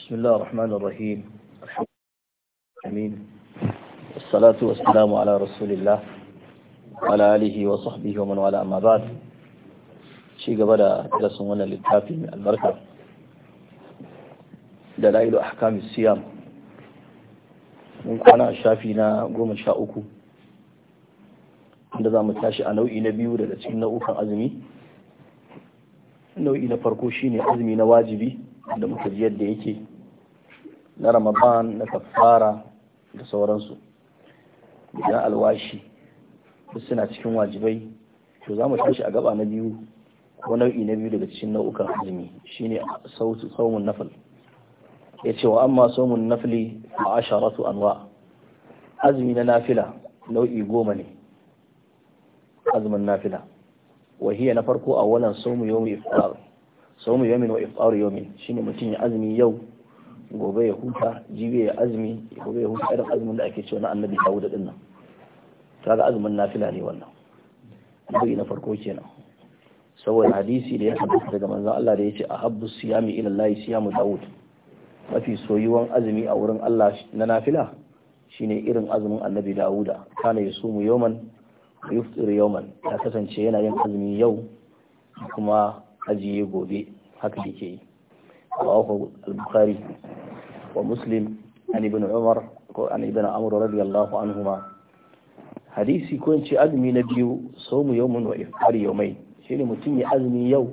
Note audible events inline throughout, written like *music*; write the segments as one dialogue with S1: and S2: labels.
S1: بسم الله الرحمن الرحيم الحمد لله امين والصلاه والسلام على رسول الله وعلى اله وصحبه ومن والاه اما بعد شي غبا دا wannan littafi mai albarka da la'ilu ahkam mun kana shafi na 13 inda zamu tashi a nau'i na biyu daga cikin nau'ukan azumi nau'i na farko shine azumi na wajibi da muke yadda yake na ramadan na kafara da sauransu da alwashi duk suna cikin wajibai to za mu tashi a gaba na biyu ko nau'i na biyu daga cikin nau'ukan azumi shine saumun nafil ya ce wa amma saumun nafili a asharatu anwa azumi na nafila nau'i goma ne azumin nafila wahiya na farko a wannan saumu yawmi iftar saumu yawmin wa iftar yawmin shine mutum ya azumi yau gobe ya huta jibi ya azumi gobe ya huta irin azumin da ake cewa na annabi dawuda dinnan, ta kaga azumin nafila ne wannan bai na farko kenan saboda hadisi da ya tabbata daga manzan Allah da ya yace ahabbu siyami ila Allah siyamu dawud mafi soyuwan azumi a wurin Allah na nafila shine irin azumin annabi dawuda kana yasumu yawman wa yuftiru yawman ya kasance yana yin azumi yau kuma ajiye gobe haka yake yi رواه البخاري ومسلم عن ابن عمر عن ابن عمر رضي الله عنهما hadisi ko ce azumi na biyu somu yawmun wa iftar yawmai shine mutum ya azumi yau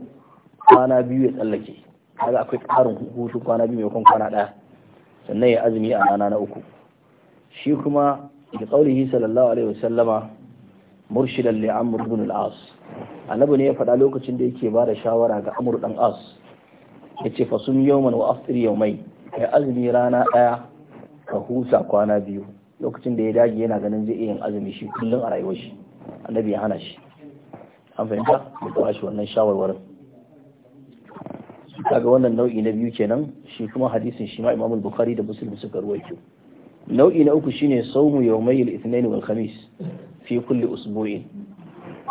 S1: kwana biyu ya tsallake kaga akwai karin hutu kwana biyu maimakon kwana daya sannan ya azumi a rana na uku shi kuma da qaulihi sallallahu alaihi wasallama murshidan li amr ibn al-as annabi ne ya faɗa lokacin da yake ba da shawara ga amr dan as ya ce fasum yawman wa aftir yaumai ya azumi rana ɗaya ka husa kwana biyu lokacin da ya dage yana ganin zai iya yin azumi shi kullum a rayuwar shi annabi ya hana shi an fahimta da kuma shi wannan shawarwarin kaga wannan nau'i na biyu kenan shi kuma hadisin shi ma Imam Bukhari da Muslim suka ruwaito nau'i na uku shine saumu yawmai al-ithnain wal khamis fi kulli usbu'in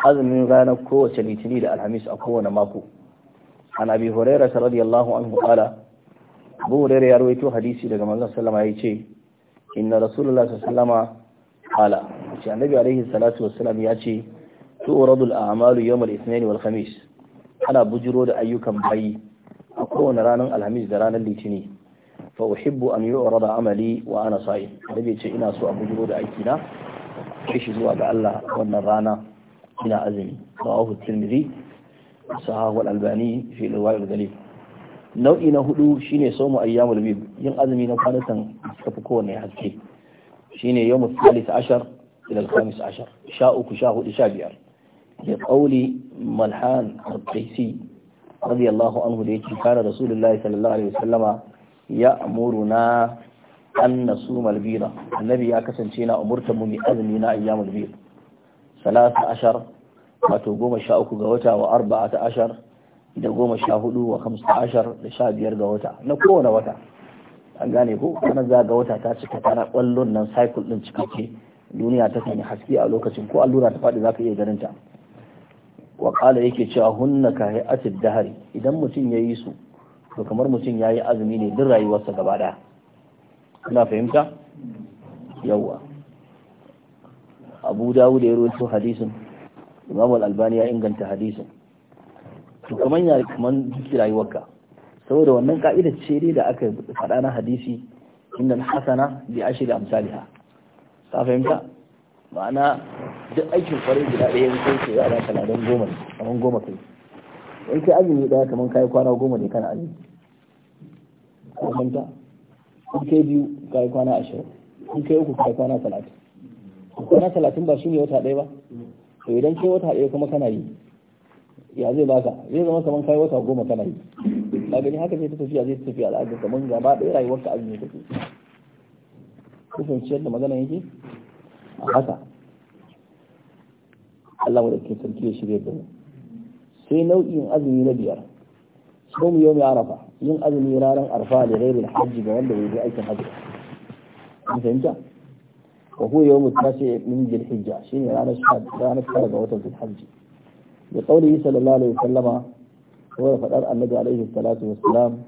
S1: azumin ranar kowace litini da alhamis a kowane mako an abi hurairah radiyallahu anhu qala abu hurairah ya rawaito hadisi daga manzon sallama ya ce inna rasulullah sallama qala ce annabi alaihi salatu wassalam ya ce tu'radul a'malu yawm al-ithnain wal khamis ana bujiro da ayyukan bayi a kowane ranar alhamis da ranar litini fa uhibbu an yu'rada amali wa ana sa'im annabi ce ina so a bujiro da aiki na kai shi zuwa ga Allah wannan rana ina azumi rawahu tirmidhi sahahu al-albani fi riwayat al dalil nau'i na hudu shine sawmu ayyamul bid yin azumi na kwanakan suka fi kowanne haske shine yawmul thalith ashar ila al-khamis ashar sha uku sha hudu sha biyar da qauli malhan al-qaisi radiyallahu anhu da yake kara rasulullahi sallallahu alaihi wasallama ya amuruna an nasuma al-bida annabi ya kasance na umurta mu mi azumi na ayyamul bid 13 wato goma sha uku ga wata wa arba'a ta ashar da goma sha hudu wa hamsin ashar da sha biyar ga wata na kowane wata an gane ko kana za ga wata ta cika tana kwallon nan cycle din cikakke duniya ta kan haske a lokacin ko allura ta faɗi za ka iya ganin ta wa kala yake cewa hunna ka da hari idan mutum ya yi su to kamar mutum ya yi azumi ne duk rayuwarsa gaba daya kuna fahimta yawwa abu dawud ya rawaito hadisin imam al-albani ya inganta hadisin to kamar ya kaman duk rayuwarka saboda wannan ka'ida ce dai da aka faɗa na hadisi innal hasana bi ashri amsalha ka fahimta ma'ana duk aikin kwarai guda ɗaya sai kai ya ba kana don goma kaman goma kai in kai azumi ɗaya kaman kai kwana goma ne kana azumi ka fahimta in kai biyu kai kwana ashirin in kai uku kai kwana talatin kwana talatin ba shi ne wata ɗaya ba to idan kai wata ɗaya kuma kana yi ya zai baka zai zama kamar kai wata goma kana yi ka gani haka sai ta tafiya zai tafiya al'adar kamar gaba ɗaya rayuwar ka azumi take ku fahimci yadda magana yake a haka Allah mu da ke sarki ya shirya da mu sai nau'in azumi na biyar sau mu yomi arafa yin azumi ranar arfa da rairin hajji ga wanda bai je aikin hajji an fahimta wa huwa yawmu tashi min dhilhijja shine ranar tara ga watan dhilhijja da qaulihi sallallahu alaihi wasallama wa fadar annabi alaihi salatu wassalam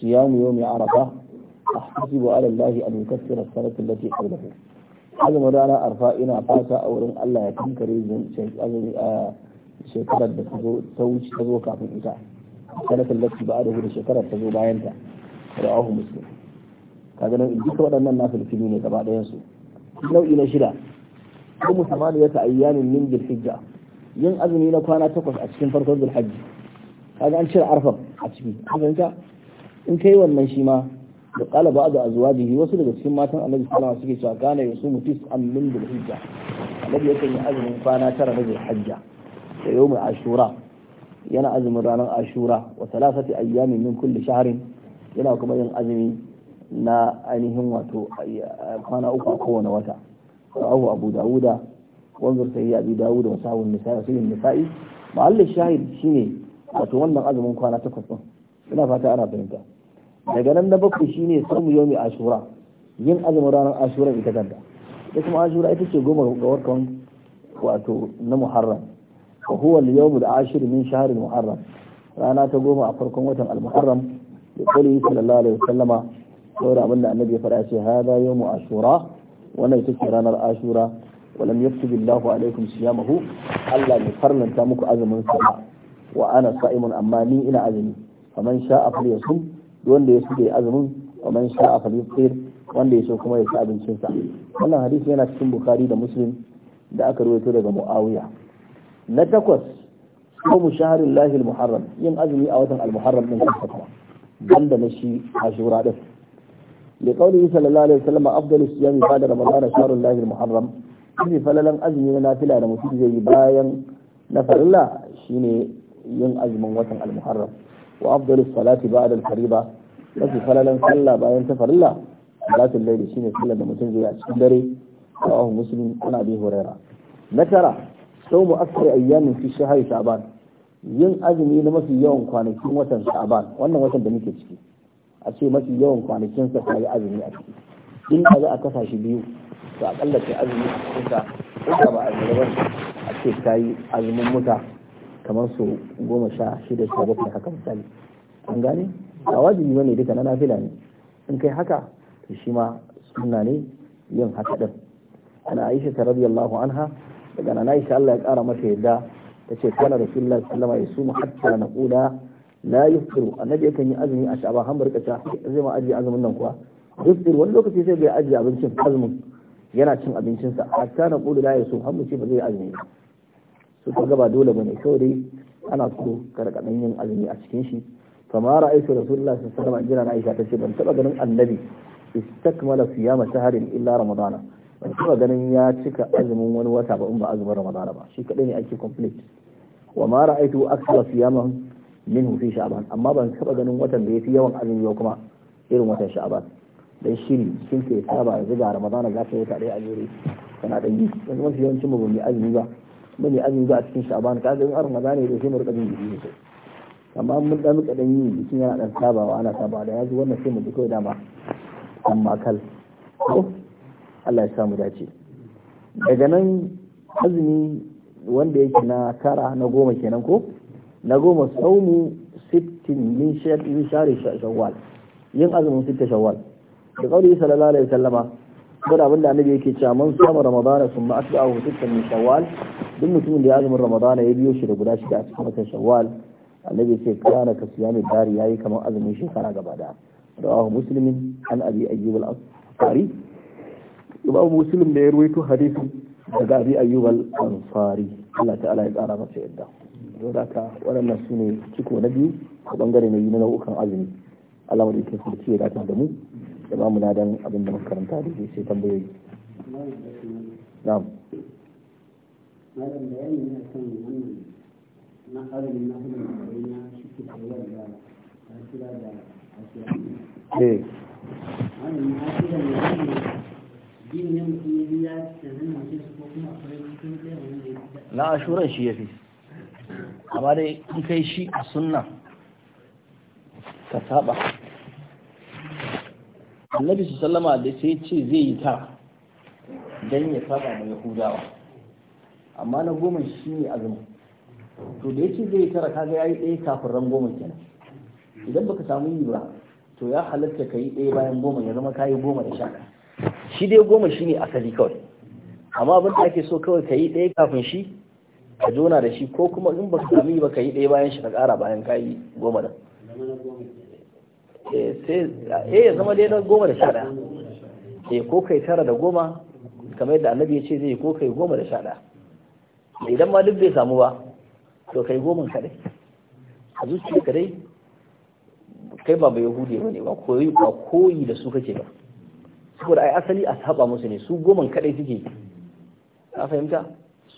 S1: siyamu yawmi arafa ahtasibu ala allahi an yukaffira as-sanata allati qablahu azumin ranar arfa ina fata a wurin Allah ya kankare shekarar da ta wuce ta zo kafin ita sanatan lati ba da da shekarar ta zo bayan ta rawahu muslim kaga waɗannan na filfili ne gaba ɗayan su nau'i na shida ko musamman ya ta ayyamin min zulhijja yin azumi na kwana takwas a cikin farkon zulhajji kaga an cire arfa a ciki kaga in kai wannan shi ma da kala ba da azwajihi wasu daga cikin matan annabi sallallahu alaihi wasallam suke cewa kana yusumu tis'an min zulhijja annabi yakan yi azumin kwana tara na hajja, da yawmul ashura yana azumin ranar ashura wa thalathati ayyamin min kulli shahrin yana kuma yin azumi na ainihin wato kwana uku a kowane wata rawahu abu dawuda wanzur sai abi dawuda wa sahun nisa'i sahun nisa'i ma'allin shahid shine wato wannan azumin kwana takwas din ina fata ana fahimta daga nan na bakwai shine samu yomi ashura yin azumin ranar ashura ita kanta da kuma ashura ita ce goma ga warkan wato na muharram wa huwa al-yawm al-ashir min shahr al-muharram rana ta goma a farkon watan al-muharram da kulli sallallahu alaihi wasallama saboda abin da annabi ya fara ce hada yawmu ashura wannan ita ce ranar ashura walam yaktubu Allahu alaikum siyamahu Allah ya farlanta muku azumin sa wa ana sa'imun amma ni ina azumi faman sha'a falyasum wanda ya suke azumin faman sha'a falyasir wanda ya so kuma ya ci abincin sa wannan hadisi yana cikin bukhari da muslim da aka rawaito daga muawiya na takwas صوم شهر lahil Muharram, yin azumi a watan al-muharram din kafa banda na shi ashura din mai kauli sallallahu alaihi wasallam afdalu siyam ba da ramadan shahrul lahi muharram shi falalan azumi na nafila da mutum zai yi bayan na farilla shine yin azumin watan al-muharram wa afdalu salati ba'da al-fariba mafi falalan sallah bayan ta farilla salatul layli shine sallar da mutum zai yi a cikin dare rawahu muslim ana bi huraira na tara saumu akthar ayyamin fi shahri sha'ban yin azumi na mafi yawan kwanakin watan sha'ban wannan watan da muke ciki a ce mafi yawan kwanakinsa ta yi azumi a ciki in ka za a kasa shi biyu to akalla kai azumi a cikinsa ko ba azumi ba a ce ta yi azumin muta kamar su goma sha shida sha bakwai haka misali an gane ba wajibi ne duka na nafila ne in kai haka to shi ma suna ne yin haka din ana aisha ta radiyallahu anha daga nan aisha Allah ya kara masa yadda tace kana rasulullahi sallallahu alaihi wasallam su sumu hatta naqula la yufiru annabi yakan yi azumi a sha'ban har barka ta zai ma ajiye azumin nan kuwa yufir wani lokaci sai bai ajiye abincin azumin yana cin abincinsa hatta na qulu la yasum har mutum ba zai azumi su ka gaba dole bane kawai dai ana so karkadan yin azumi a cikin shi kama ra'aytu rasulullah sallallahu alaihi wasallam jira aisha tace ban taba ganin annabi istakmala siyama shahrin illa ramadana ban taba ganin ya cika azumin wani wata ba in ba azumin ramadana ba shi kadai ne ake complete wa ma ra'aytu akthara siyamahum min fi sha'ban amma ban taba ganin watan da yafi yawan azumi ba kuma irin watan sha'ban dan shiri sun ke saba yanzu ga ramadan za ka yi tare a jere kana dan yi yanzu mafi yawancin mu ba mu azumi ba mun yi azumi ba a cikin sha'ban kaga in ramadan ne sai mu rika jin jiki sosai amma mun dan rika dan yi bikin yana dan sabawa ana sabawa da yanzu wannan sai mu ji kai dama kal makal Allah ya samu dace daga nan azumi wanda yake na tara na goma kenan ko na goma saumu sittin min shari shawwal yin azumin sitta shawwal da kauli sallallahu alaihi wasallama gada abin da annabi yake cewa man sama ramadana sun ma asba'ahu sittan min shawwal duk mutumin da ya azumin ramadana ya biyo shi da guda shida a cikin watan shawwal annabi ce kana ka siyami dari yayi kamar azumin shekara gaba da rawahu muslimin an abi ayyub al-ansari imam muslim da ya ruwaito hadisi daga abi ayyub al-ansari Allah ta'ala ya tsara masa yadda don haka waɗannan su ne ciko na biyu a ɓangare na yi na nau'ukan azumi alamar da ke furci ya dace da mu da ba mu nadan abin da makaranta da ke sai tambayoyi na'am na ashuran shi ya fi amma dai in kai shi a sunna ka saba annabi su sallama da sai ce zai yi tara don ya saba da yahudawa amma na goma shi ne azumi to da yake zai yi tara kaga ya yi ɗaya kafin ran goma kenan idan baka samu yi ba to ya halatta ka yi ɗaya bayan goma ya zama ka yi goma da sha shi dai goma shi ne asali kawai amma abin da ake so kawai ka yi ɗaya kafin shi ka jona da shi ko kuma in baka sami ba ka yi ɗaya bayan shi ka ƙara bayan ka yi goma da eh, eh ya zama dai na goma da sha ɗaya eh, ko ko kai tara da goma kamar yadda annabi ya ce zai ko kai goma da sha ɗaya idan ma duk bai samu ba to kai goma kaɗai a zuciya ka dai kai ba bai yahudi ba ne ba koyi ba koyi da su kake ba saboda ai asali a saba musu ne su goma kadai suke ka fahimta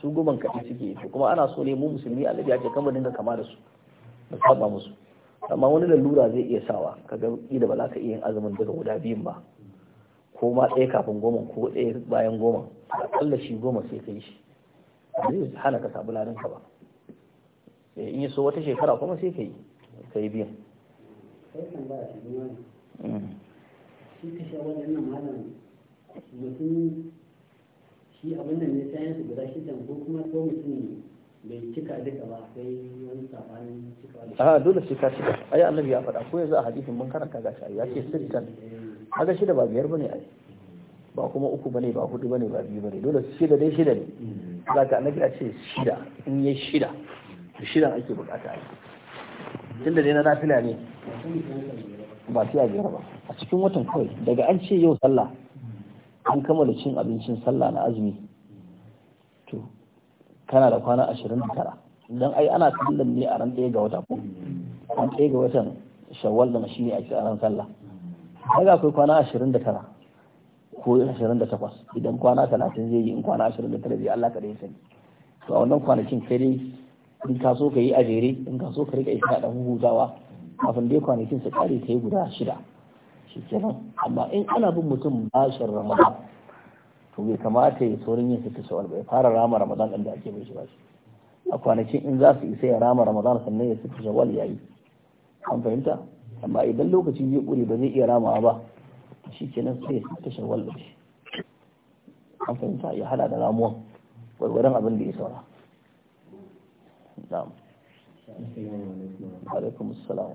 S1: su guban kaɗai suke yi kuma ana so ne mu musulmi a ya ce kama dinga kama da su da saba musu amma wani lalura zai iya sawa kaga da ba za ka iya yin azumin daga guda biyun ba ko ma ɗaya kafin goma ko ɗaya bayan goma akalla shi goma sai ka yi shi zai hana ka sabu ladan ba eh, in yi so wata shekara kuma sai ka yi ka yi biyan
S2: mm. ka shi abin ne sayan su guda shi ko kuma ko mutum bai cika duka ba sai wani safanin cika a dole
S1: sai ka cika ai annabi ya faɗa ko yanzu a hadisin mun karanta ga shi ya ce sittan kaga shida ba biyar bane ai ba kuma uku bane ba hudu bane ba biyu bane dole shida dai shida ne ka annabi ya ce shida in yi shida to shida ake bukata ai tunda dai na nafila ne ba sai a biyar ba a cikin watan kawai daga an ce yau sallah an kammala cin abincin sallah na azumi to kana da kwana ashirin da tara don ai ana sallan ne a ran ɗaya ga wata ko ɗaya ga watan shawwal da mashi ne ake a ran sallah daga akwai kwana ashirin da tara ko ashirin da takwas idan kwana talatin zai yi in kwana ashirin da tara zai Allah ka sani to a wannan kwanakin kai dai in ka so ka yi a jere in ka so ka rika isa da hutawa kafin dai kwanakin su kare ta yi guda shida shi kenan amma in ana bin mutum bashin ramadan to bai kamata ya saurin yin sitti shawal ba ya fara rama ramadan ɗin da ake bai shi bashi a kwanakin in za su isa ya rama ramadan sannan ya sitti shawal yayi an fahimta amma idan lokaci zai ƙure ba zai iya ramawa ba shi kenan sai ya sitti shawal da shi an fahimta ya hada da ramuwan gwargwaron abin da ya saura na'am alaikum assalam wa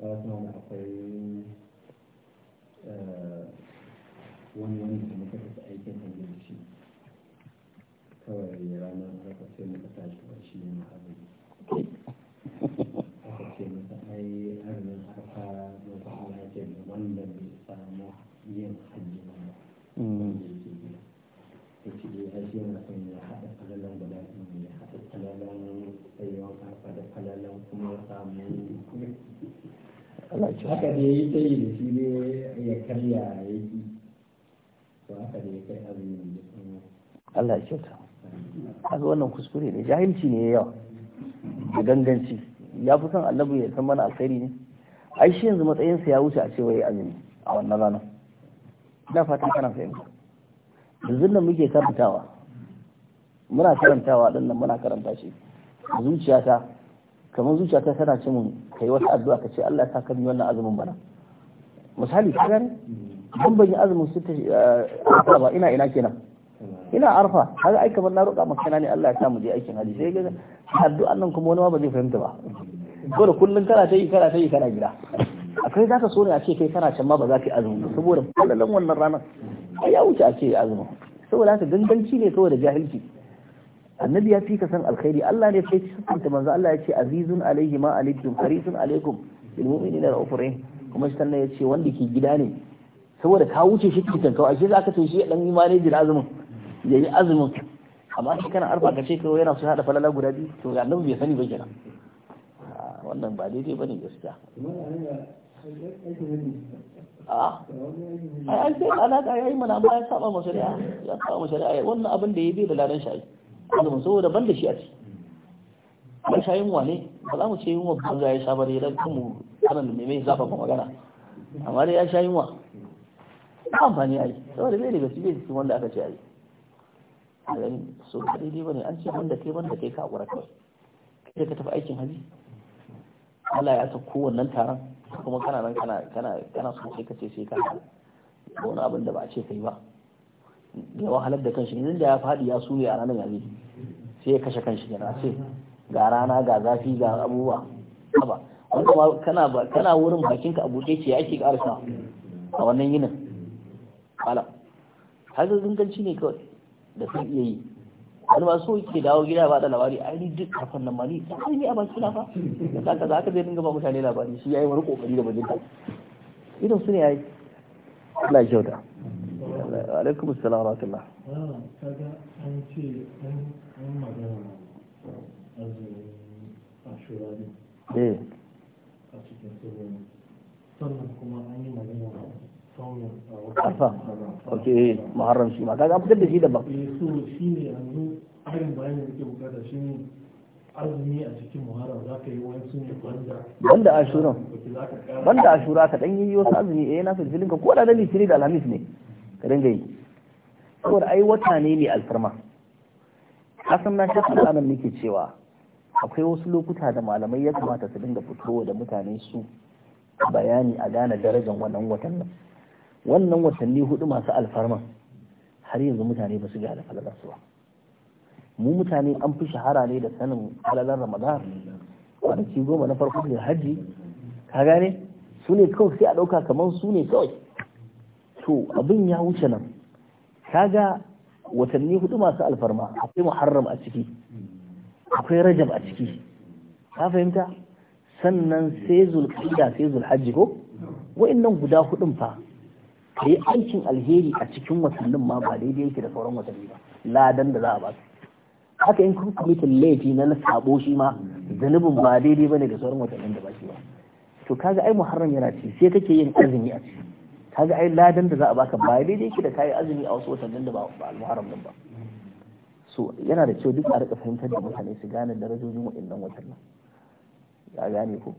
S2: rahmatullah Eh, wani wani da muka tafi aikin hanyar shi kawai rana aka ce muka tashi ba shi ne ma'abin aka ce masa ai hannun haka mata alaƙe da wanda bai samu yin hajji ba mm. wanda yake gida ya ce ya eh, shi yana son ya haɗa falalan guda biyu ya haɗa falalan tsayuwan haka da falalan kuma samun haka da ya yi ta yi da shi ne ya karya ya yi to haka da ya kai azumin da
S1: Allah ya kyauta haka wannan kuskure ne jahilci ne yawa da ganganci ya fi son annabi ya san mana alkhairi ne ai shi yanzu matsayinsa ya wuce a ce ya azumi a wannan rana. na fatan kana fahimta yanzu nan muke karantawa muna karantawa din nan muna karanta shi zuciyata kamar zuciyata tana ce mu. Ka yi wasu addu'a ka ce Allah ya saka ni wannan azumin bana misali ka gani, ban ban yi azumin su ta eh, ba ina ina kenan ina arfa haka ai kamar na roƙa maka ne Allah ya sa mu je aikin haji sai ga addu'an nan kuma wani ma ba zai fahimta ba ko da kullun kana ta yi kana ta yi kana gida akai zaka so ne a ce kai kana can ma ba za ka yi azumi saboda falalan wannan ranar ai ya wuce a ce azumi saboda haka ganganci ne kawai da jahilci annabi ya fi ka san alkhairi Allah ne sai sukanta manzo Allah ya ce azizun alaihi ma alaikum harisun alaikum bil mu'minina ra'ufur rahim kuma shi sannan ya ce wanda ke gida ne saboda ka wuce shi kitan kawai shi zaka ce shi dan imani jira azumin yi azumin amma shi kana arfa ka ce kawai yana so hada falala guda biyu to annabi bai sani ba kenan ah, wannan ba daidai bane gaskiya a ah, ai yi mana ba ya saba mashari'a ya saba mashari'a wannan abin da ya bi da ladan shari'a azumin saboda ban da shi a ciki mai sha yunwa ne ba za mu ce yunwa ban za ya sha bari da kan mu kanan da mai zafa ba magana amma dai ya sha yunwa ba amfani a yi saboda bai daga cikin cikin wanda aka ce a yi a yi so ba daidai ba ne an ce wanda kai wanda kai ka ƙura kawai kai ka tafi aikin haji Allah ya sauko wannan taron kuma kana nan kana kana kana so sai ka ce sai ka wani abin da ba a ce kai ba ya wahalar da kanshi inda ya faɗi ya sume a ranar yanzu sai ya kashe kanshi yana ce ga rana ga zafi ga abubuwa haba wanda ma kana kana wurin bakin ka abuɗe ce yake karsa a wannan yinin ala haka zunganci ne kawai da sun iya yi wani ba so yake dawo gida ba da labari a yi duk kafin nan ma ni hanyar a baki na fa da kaka za ka zai dinga ba mutane labari shi ya yi wani kokari da bajinta idan su ne ai yi kyauta
S2: alaikum assalam wa rahmatullah kaga an ce an magana azumin ashura ne eh a cikin sirrin sannan kuma an yi magana sauyin arfa ok
S1: muharram shi ma kaga an fitar da shi daban
S2: so shi ne yanzu harin bayanin da ke bukata shi ne azumi a cikin muharram za ka yi wani suna yi banda banda ashura banda
S1: ashura ka dan yi wasu azumi eh na fi ka ko da da litiri da alhamis ne ringa yi saboda ai wata ne mai alfarma kasan na shafi anan nake cewa akwai wasu lokuta da malamai ya kamata su dinga fitowa da mutane su bayani a gane darajar wannan watannin wannan watanni hudu masu alfarma har yanzu mutane ba su gane falalar su ba mu mutane an fi shahara ne da sanin falalar ramadan kwanaki goma na farko ne, haji ka gane su ne kawai sai a ɗauka kamar su ne kawai to abin ya wuce nan kaga watanni hudu masu alfarma akwai muharram a ciki akwai rajab a ciki ka fahimta sannan sai zulqa'ida sai zulhajji ko wa'annan guda hudun fa kai aikin alheri a cikin watannin ma ba daidai yake da sauran watanni ba ladan da za a ba su haka in kun kuma laifi na na sabo shi ma zanubin ba daidai bane da sauran watannin da ba shi ba to kaga ai muharram yana ci sai kake yin azumi a ciki kaga ai ladan da za a baka ba daidai yake da kayi azumi a wasu watannin da ba al-muharram din ba so yana da kyau duk a rika fahimtar da mutane su gane darajojin waɗannan watannin ya gane ko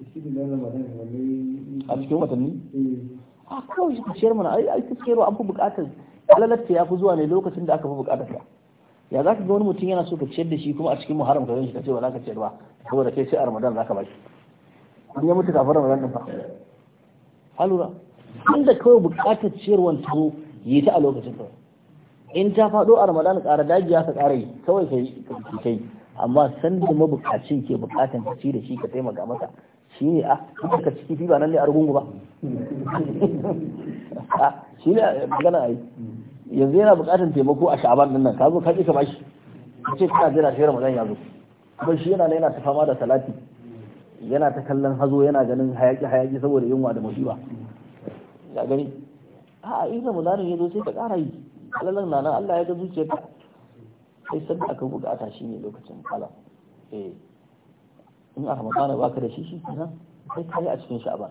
S2: a cikin watanni
S1: eh. a kawai shi ciyar mana ai ai ciyarwa an fi bukatar alalatta ya fi zuwa ne lokacin da aka fi bukatar ya za ka ga wani mutum yana so ka ciyar da shi kuma a cikin muharram ka shi ka ce ba za ka ciyar ba saboda kai sai a ramadan za ka baki in ya mutu kafin ramadan din fa halura inda kawai bukatar ciyarwan taho yi ta a lokacin kawai in ta faɗo a ramadan ƙara ya ka ƙara yi kawai ka yi amma san da mabukacin ke bukatan ka ci da shi ka taimaka masa shi ne a ah, kuma ka ciki ba nan ne a rugungu ba *laughs* ah, shi ne magana a yi yanzu yana buƙatar taimako a sha'aban nan ka zo ka ƙi ka bashi ka ce kana jira sai ramadan ya zo kuma shi yana yana ta fama da salati yana ta kallon hazo yana ganin hayaki hayaki saboda yunwa da musiba ya gani a ina ramadanin ya zo sai ka ƙara yi alalan na nan Allah ya ga zuciyarka sai sanda aka bukata shi ne lokacin kala eh in a ba ka da shi shi kenan sai ka yi a cikin sha'aban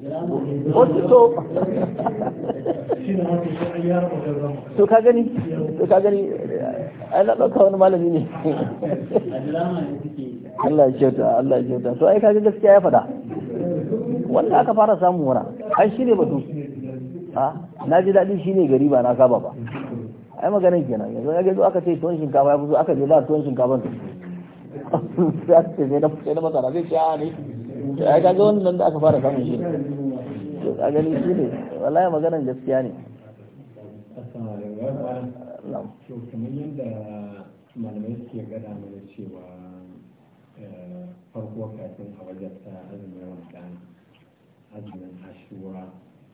S2: wasu to
S1: to ka gani to ka gani ai na dauka wani malami ne Allah ya kyauta Allah ya kyauta to ai ka ga gaskiya ya fada wanda aka fara samu wara ai shine batu ha na ji dadi shine gari ba na saba ba ai maganin kenan yanzu ya gazo aka ce tuwon shinkafa ya fi aka je ba tuwon shinkafa sai aka ce sai na masara zai ce a ah, ne to ai kaga wannan da aka fara samun shi to ka gani shi ne wallahi maganar gaskiya ne
S2: to kamar yadda malamai suke gada mana cewa eh, farko kafin a wajen ta azumin ramadan azumin ashura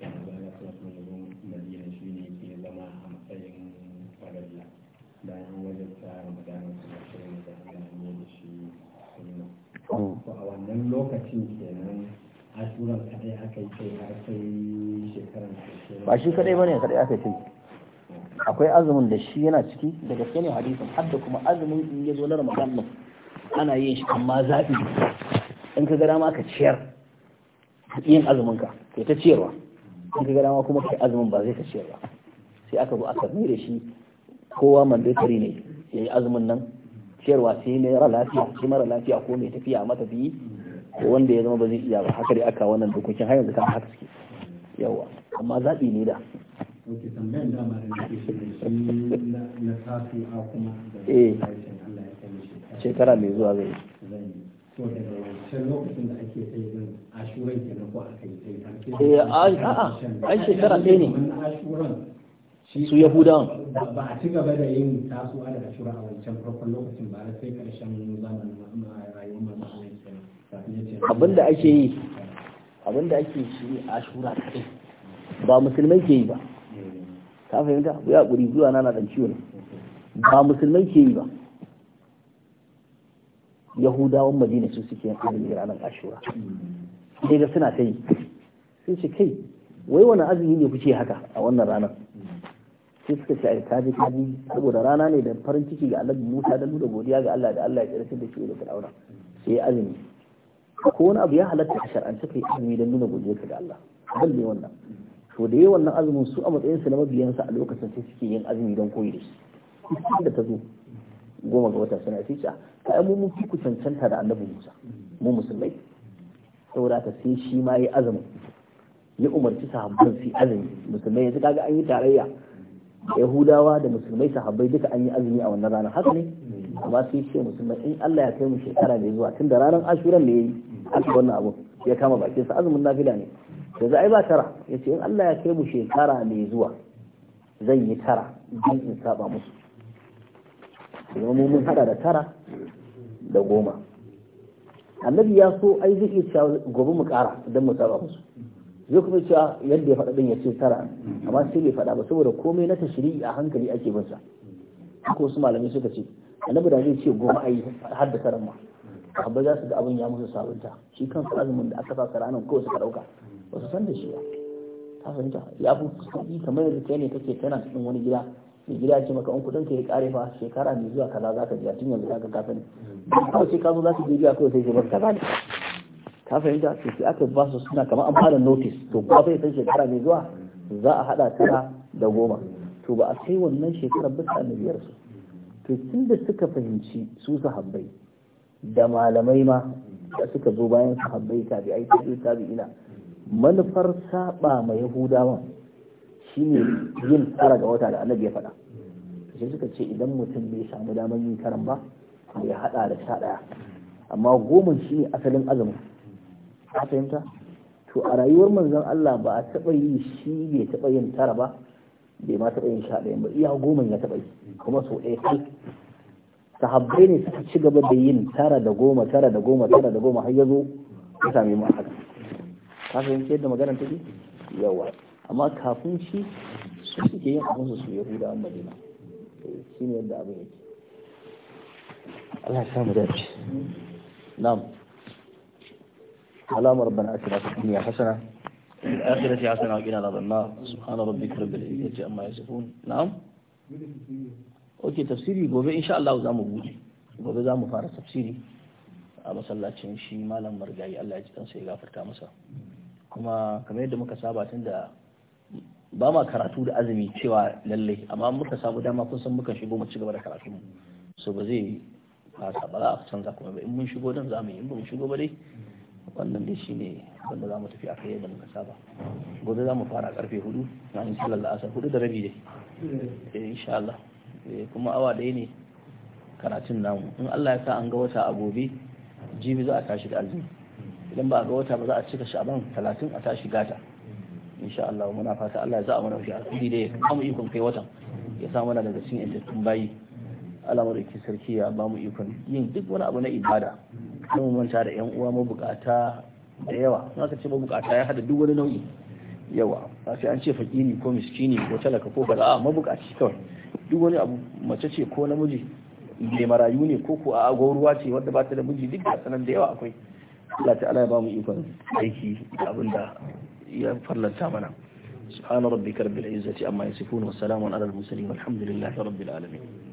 S2: da magana kuma kuma da madina shi ne ke zama a matsayin farilla bayan wajen ta ramadan kuma shi ne da ana da shi sunna a wannan lokacin kenan ashuran kadai aka yi kai har sai shekaran ba shi kadai bane
S1: kadai aka yi akwai azumin da shi yana ciki daga gaske ne hadisin har kuma azumin in ya zo na ramadan ana yin shi amma zaɓi in ka gada ma ka ciyar yin azumin ka kai ta ciyarwa in ka gada ma kuma kai azumin ba zai ka ciyarwa sai aka zo aka mire da shi kowa mandatory ne yayi azumin nan ciyarwa sai mai ra lafiya shi mara lafiya ko mai tafiya mata biyi ko wanda ya zama ba zai iya ba haka dai aka wannan dokokin har yanzu kan haka suke yawa amma zaɓi ne da shekara mai zuwa zai
S2: eh a a shekara ɗaya ne su yahudawan ba a ci gaba da yin tasowa da shura a wancan farkon lokacin ba sai karshen zamanin rayuwar masu abinda ake yi
S1: abinda ake shi ashura kai ba musulmai ke yi ba ka fahimta ku ya guri zuwa na dan ciwo ne ba musulmai ke yi ba yahudawan madina su suke yin azumi ranar ashura sai ga suna ta yi sai ce kai wai wani azumi ne kuke haka a wannan ranar sai suka ce ai ta kaji saboda rana ne da farin ciki ga annabi Musa da nuna godiya ga Allah da Allah ya kirkir da shi da Fir'auna sai azumi ko wani abu ya halatta a shar'ance kai azumi don nuna godiya ga Allah ban da wannan to da yayi wannan azumin su a matsayin su na sa a lokacin sai suke yin azumi don koyi da shi da ta zo goma ga wata suna ficha ta mu mun fi ku cancanta da annabi Musa mu musulmai saboda ka sai shi ma yi azumin ya umarci sahabban su azumi musulmai yanzu kaga an yi tarayya yahudawa da musulmai sahabbai duka an yi azumi a wannan ranar haka ne amma sai ce musulmai in Allah ya kai mu shekara mai zuwa tun da ranar ashuran ne yayi aka wannan abu ya kama bakin sa azumin nafila ne da za a yi ba tara ya ce in Allah ya kai mu shekara mai zuwa zan yi tara don in saba musu kuma mu mun hada da tara da goma annabi ya so ai zai iya gobe mu kara don mu saba musu zai kuma cewa yadda ya faɗa ɗin ya ce tara amma sai bai faɗa ba saboda komai na tashiri a hankali ake bin sa haka wasu malamai suka ce annabi da zai ce goma a yi har da taran ma abba za su ga abin ya musu sabunta shi kan azumin da aka sa sa ranar kawai suka ɗauka ba su san da shi ba ta fahimta ya fi kusurki kamar yadda kai ne kake tana cikin wani gida mai gida ce maka an kudin ka ya ƙare fa shekara mai zuwa kaza za ka biya tun yanzu za ka kafin kawai sai ka zo za su je biya kawai sai ka zo kaza ne ka fahimta su aka ba su suna kamar an fara notice to ba zai san shekara mai zuwa za a hada tara da goma to ba a kai wannan shekarar ba annabiyar su to tun da suka fahimci su sahabbai da malamai ma da suka zo bayan sahabbai tabi tabi'ai ina manufar saba ma yahudawa shine yin tsara ga wata da annabi ya faɗa sai suka ce idan mutum bai samu damar yin karan ba ya hada da sha ɗaya amma goma shine asalin azumin a fahimta to a rayuwar manzon Allah ba a taɓa yi shi bai taɓa yin tara ba bai ma taɓa yin sha ɗaya ba iya goma ya taɓa yi kuma sau ɗaya kai sahabbai ne suka ci gaba da yin tara da goma tara da goma tara da goma har ya zo ya same mu haka ka fahimci yadda magana take yawa amma kafin shi su suke yin abin su yahuda an madina eh, shi ne yadda abin yake Allah ya samu dace na'am اللهم ربنا اتنا في الدنيا حسنه في الاخره حسنه وقنا عذاب النار سبحان ربك رب العزه عما يصفون نعم اوكي تفسيري gobe insha Allah za mu bude gobe za mu fara tafsiri a masallacin shi malam margayi Allah ya ji kansa ya gafarta masa kuma kamar yadda muka saba tun da ba ma karatu da azumi cewa lalle amma muka samu dama kun san muka shigo mu ci gaba da karatu so ba zai fasa ba za a canza kuma ba in mun shigo dan za mu yi in ba mu shigo ba dai wannan dai ne wanda za mu tafi a kai yadda muka saba gobe za mu fara karfe hudu na in sallar asar hudu da rabi dai eh, insha Allah eh, kuma awa ɗaya ne karatun namu in Allah ya sa an ga wata a gobe jibi za a tashi da azumi idan ba a ga wata ba za a cika sha'aban talatin a tashi gata insha Allah muna fata Allah ya za a mana fi alkhairi da ya kama ikon kai watan ya sa mana daga cikin intattun bayi ke sarki ya ba mu ikon yin duk wani abu na ibada na mu manta da yan uwa mabukata da yawa na ka ce mabukata ya hada duk wani nau'i yawa ba sai an ce fakiri ko miskini ko talaka ko kaza a mabukaci kawai duk wani abu mace ce ko namiji mai marayu ne ko ko a ruwa ce wadda ba ta da miji duk da sanan da yawa akwai Allah ta'ala ya ba mu ikon aiki da abin da ya farlanta mana سبحان ربك رب العزة أما يصفون وسلام على المرسلين والحمد لله رب العالمين